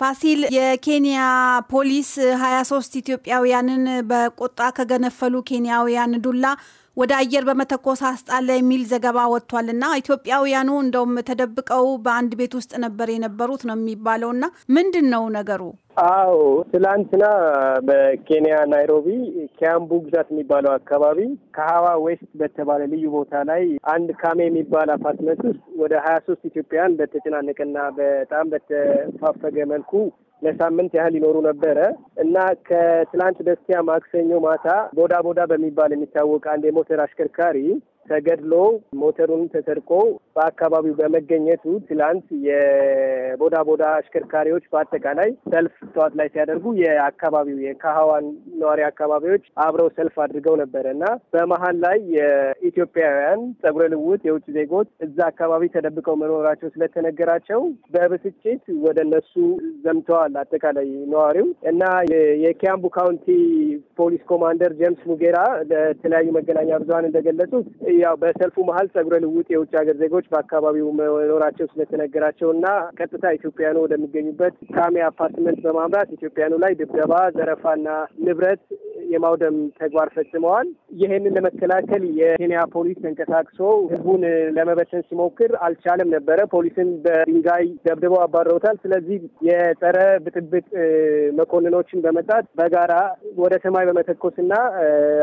ፋሲል የኬንያ ፖሊስ 23 ኢትዮጵያውያንን በቁጣ ከገነፈሉ ኬንያውያን ዱላ ወደ አየር በመተኮስ አስጣለ የሚል ዘገባ ወጥቷልና ኢትዮጵያውያኑ እንደውም ተደብቀው በአንድ ቤት ውስጥ ነበር የነበሩት ነው የሚባለውና ምንድን ነው ነገሩ? አዎ ትላንትና በኬንያ ናይሮቢ ኪያምቡ ግዛት የሚባለው አካባቢ ከሀዋ ዌስት በተባለ ልዩ ቦታ ላይ አንድ ካሜ የሚባል አፓርትመንት ውስጥ ወደ ሀያ ሶስት ኢትዮጵያውያን በተጨናነቀና በጣም በተፋፈገ መልኩ ለሳምንት ያህል ይኖሩ ነበረ እና ከትላንት በስቲያ ማክሰኞ ማታ ቦዳ ቦዳ በሚባል የሚታወቅ አንድ የሞተር አሽከርካሪ ተገድሎ ሞተሩን ተሰርቆ በአካባቢው በመገኘቱ ትላንት የቦዳ ቦዳ አሽከርካሪዎች በአጠቃላይ ሰልፍ ጠዋት ላይ ሲያደርጉ የአካባቢው የካህዋን ነዋሪ አካባቢዎች አብረው ሰልፍ አድርገው ነበረ እና በመሀል ላይ የኢትዮጵያውያን ጸጉረ ልውጥ የውጭ ዜጎች እዛ አካባቢ ተደብቀው መኖራቸው ስለተነገራቸው በብስጭት ወደ እነሱ ዘምተዋል አጠቃላይ ነዋሪው እና የኪያምቡ ካውንቲ ፖሊስ ኮማንደር ጀምስ ሙጌራ ለተለያዩ መገናኛ ብዙኃን እንደገለጹት ያው በሰልፉ መሀል ጸጉረ ልውጥ የውጭ ሀገር ዜጎች በአካባቢው መኖራቸው ስለተነገራቸው እና ቀጥታ ኢትዮጵያኑ ወደሚገኙበት ካሜ አፓርትመንት በማምራት ኢትዮጵያኑ ላይ ድብደባ፣ ዘረፋና ንብረት የማውደም ተግባር ፈጽመዋል። ይህንን ለመከላከል የኬንያ ፖሊስ ተንቀሳቅሶ ህዝቡን ለመበተን ሲሞክር አልቻለም ነበረ። ፖሊስን በድንጋይ ደብድበው አባረውታል። ስለዚህ የጸረ ብጥብጥ መኮንኖችን በመጣት በጋራ ወደ ሰማይ በመተኮስ እና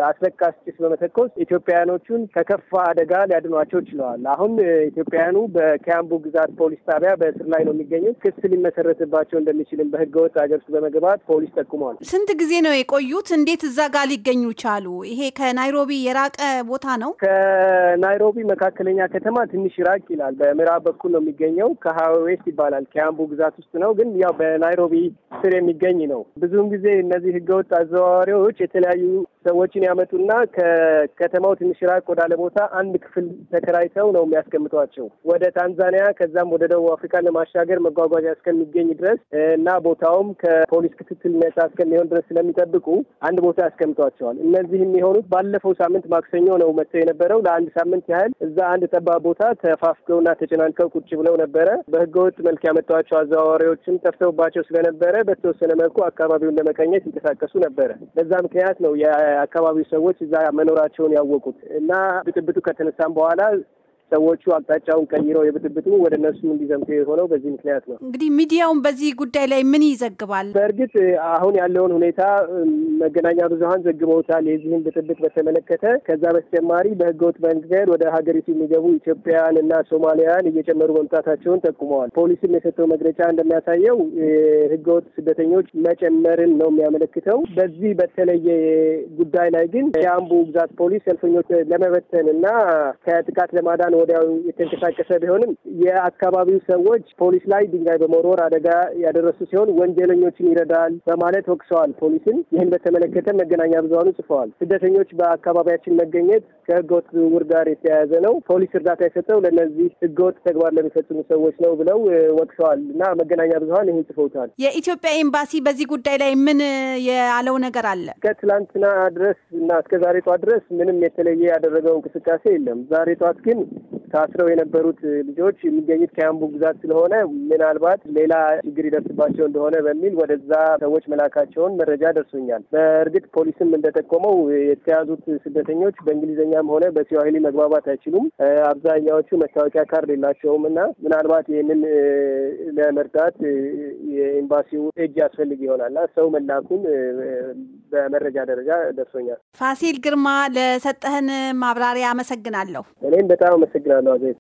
አስለቃሽ ጭስ በመተኮስ ኢትዮጵያውያኖቹን ከከፋ አደጋ ሊያድኗቸው ችለዋል። አሁን ኢትዮጵያውያኑ በኪያምቡ ግዛት ፖሊስ ጣቢያ በእስር ላይ ነው የሚገኙት። ክስ ሊመሰረትባቸው እንደሚችልም በህገወጥ ሀገር ውስጥ በመግባት ፖሊስ ጠቁመዋል። ስንት ጊዜ ነው የቆዩት? እንዴት እዛ ጋር ሊገኙ ቻሉ? ይሄ ከናይሮቢ የራቀ ቦታ ነው። ከናይሮቢ መካከለኛ ከተማ ትንሽ ራቅ ይላል። በምዕራብ በኩል ነው የሚገኘው። ከሃዌ ይባላል። ከያምቡ ግዛት ውስጥ ነው፣ ግን ያው በናይሮቢ ስር የሚገኝ ነው። ብዙውን ጊዜ እነዚህ ህገወጥ አዘዋዋሪዎች የተለያዩ ሰዎችን ያመጡና ከከተማው ትንሽ ራቅ ወዳለ ቦታ አንድ ክፍል ተከራይተው ነው የሚያስቀምጧቸው። ወደ ታንዛኒያ ከዛም ወደ ደቡብ አፍሪካ ለማሻገር መጓጓዣ እስከሚገኝ ድረስ እና ቦታውም ከፖሊስ ክትትል ነጻ እስከሚሆን ድረስ ስለሚጠብቁ አንድ ቦታ ያስቀምጧቸዋል። እነዚህ የሚሆኑት ባለፈው ሳምንት ማክሰኞ ነው መጥተው የነበረው። ለአንድ ሳምንት ያህል እዛ አንድ ጠባብ ቦታ ተፋፍገውና ተጨናንቀው ቁጭ ብለው ነበረ። በህገወጥ መልክ ያመጧቸው አዘዋዋሪዎችም ጠፍተውባቸው ስለነበረ በተወሰነ መልኩ አካባቢውን ለመቀኘት ይንቀሳቀሱ ነበረ። በዛ ምክንያት ነው የአካባቢው ሰዎች እዛ መኖራቸውን ያወቁት እና ብጥብጡ ከተነሳም በኋላ ሰዎቹ አቅጣጫውን ቀይረው የብጥብጡ ወደ እነሱ እንዲዘምቱ የሆነው በዚህ ምክንያት ነው። እንግዲህ ሚዲያውን በዚህ ጉዳይ ላይ ምን ይዘግባል? በእርግጥ አሁን ያለውን ሁኔታ መገናኛ ብዙኃን ዘግበውታል፣ የዚህን ብጥብጥ በተመለከተ። ከዛ በተጨማሪ በህገወጥ መንገድ ወደ ሀገሪቱ የሚገቡ ኢትዮጵያውያን እና ሶማሊያውያን እየጨመሩ መምጣታቸውን ጠቁመዋል። ፖሊስም የሰጠው መግለጫ እንደሚያሳየው ህገወጥ ስደተኞች መጨመርን ነው የሚያመለክተው። በዚህ በተለየ ጉዳይ ላይ ግን የአምቦ ግዛት ፖሊስ ሰልፈኞች ለመበተን እና ከጥቃት ለማዳን ፈጥነን ወዲያው የተንቀሳቀሰ ቢሆንም የአካባቢው ሰዎች ፖሊስ ላይ ድንጋይ በመወርወር አደጋ ያደረሱ ሲሆን ወንጀለኞችን ይረዳል በማለት ወቅሰዋል። ፖሊስን ይህን በተመለከተ መገናኛ ብዙኃኑ ጽፈዋል። ስደተኞች በአካባቢያችን መገኘት ከህገወጥ ዝውውር ጋር የተያያዘ ነው። ፖሊስ እርዳታ የሰጠው ለእነዚህ ህገወጥ ተግባር ለሚፈጽሙ ሰዎች ነው ብለው ወቅሰዋል እና መገናኛ ብዙሀን ይህን ጽፈውታል። የኢትዮጵያ ኤምባሲ በዚህ ጉዳይ ላይ ምን ያለው ነገር አለ? ከትላንትና ድረስ እና እስከ ዛሬ ጠዋት ድረስ ምንም የተለየ ያደረገው እንቅስቃሴ የለም። ዛሬ ጠዋት ግን ታስረው የነበሩት ልጆች የሚገኙት ከያምቡ ግዛት ስለሆነ ምናልባት ሌላ ችግር ይደርስባቸው እንደሆነ በሚል ወደዛ ሰዎች መላካቸውን መረጃ ደርሶኛል። በእርግጥ ፖሊስም እንደጠቆመው የተያዙት ስደተኞች በእንግሊዝኛም ሆነ በስዋሂሊ መግባባት አይችሉም። አብዛኛዎቹ መታወቂያ ካርድ የላቸውም እና ምናልባት ይህንን ለመርዳት የኤምባሲው እጅ ያስፈልግ ይሆናል ሰው መላኩን በመረጃ ደረጃ ደርሶኛል። ፋሲል ግርማ፣ ለሰጠህን ማብራሪያ አመሰግናለሁ። እኔም በጣም አመሰግናለሁ አዜብ።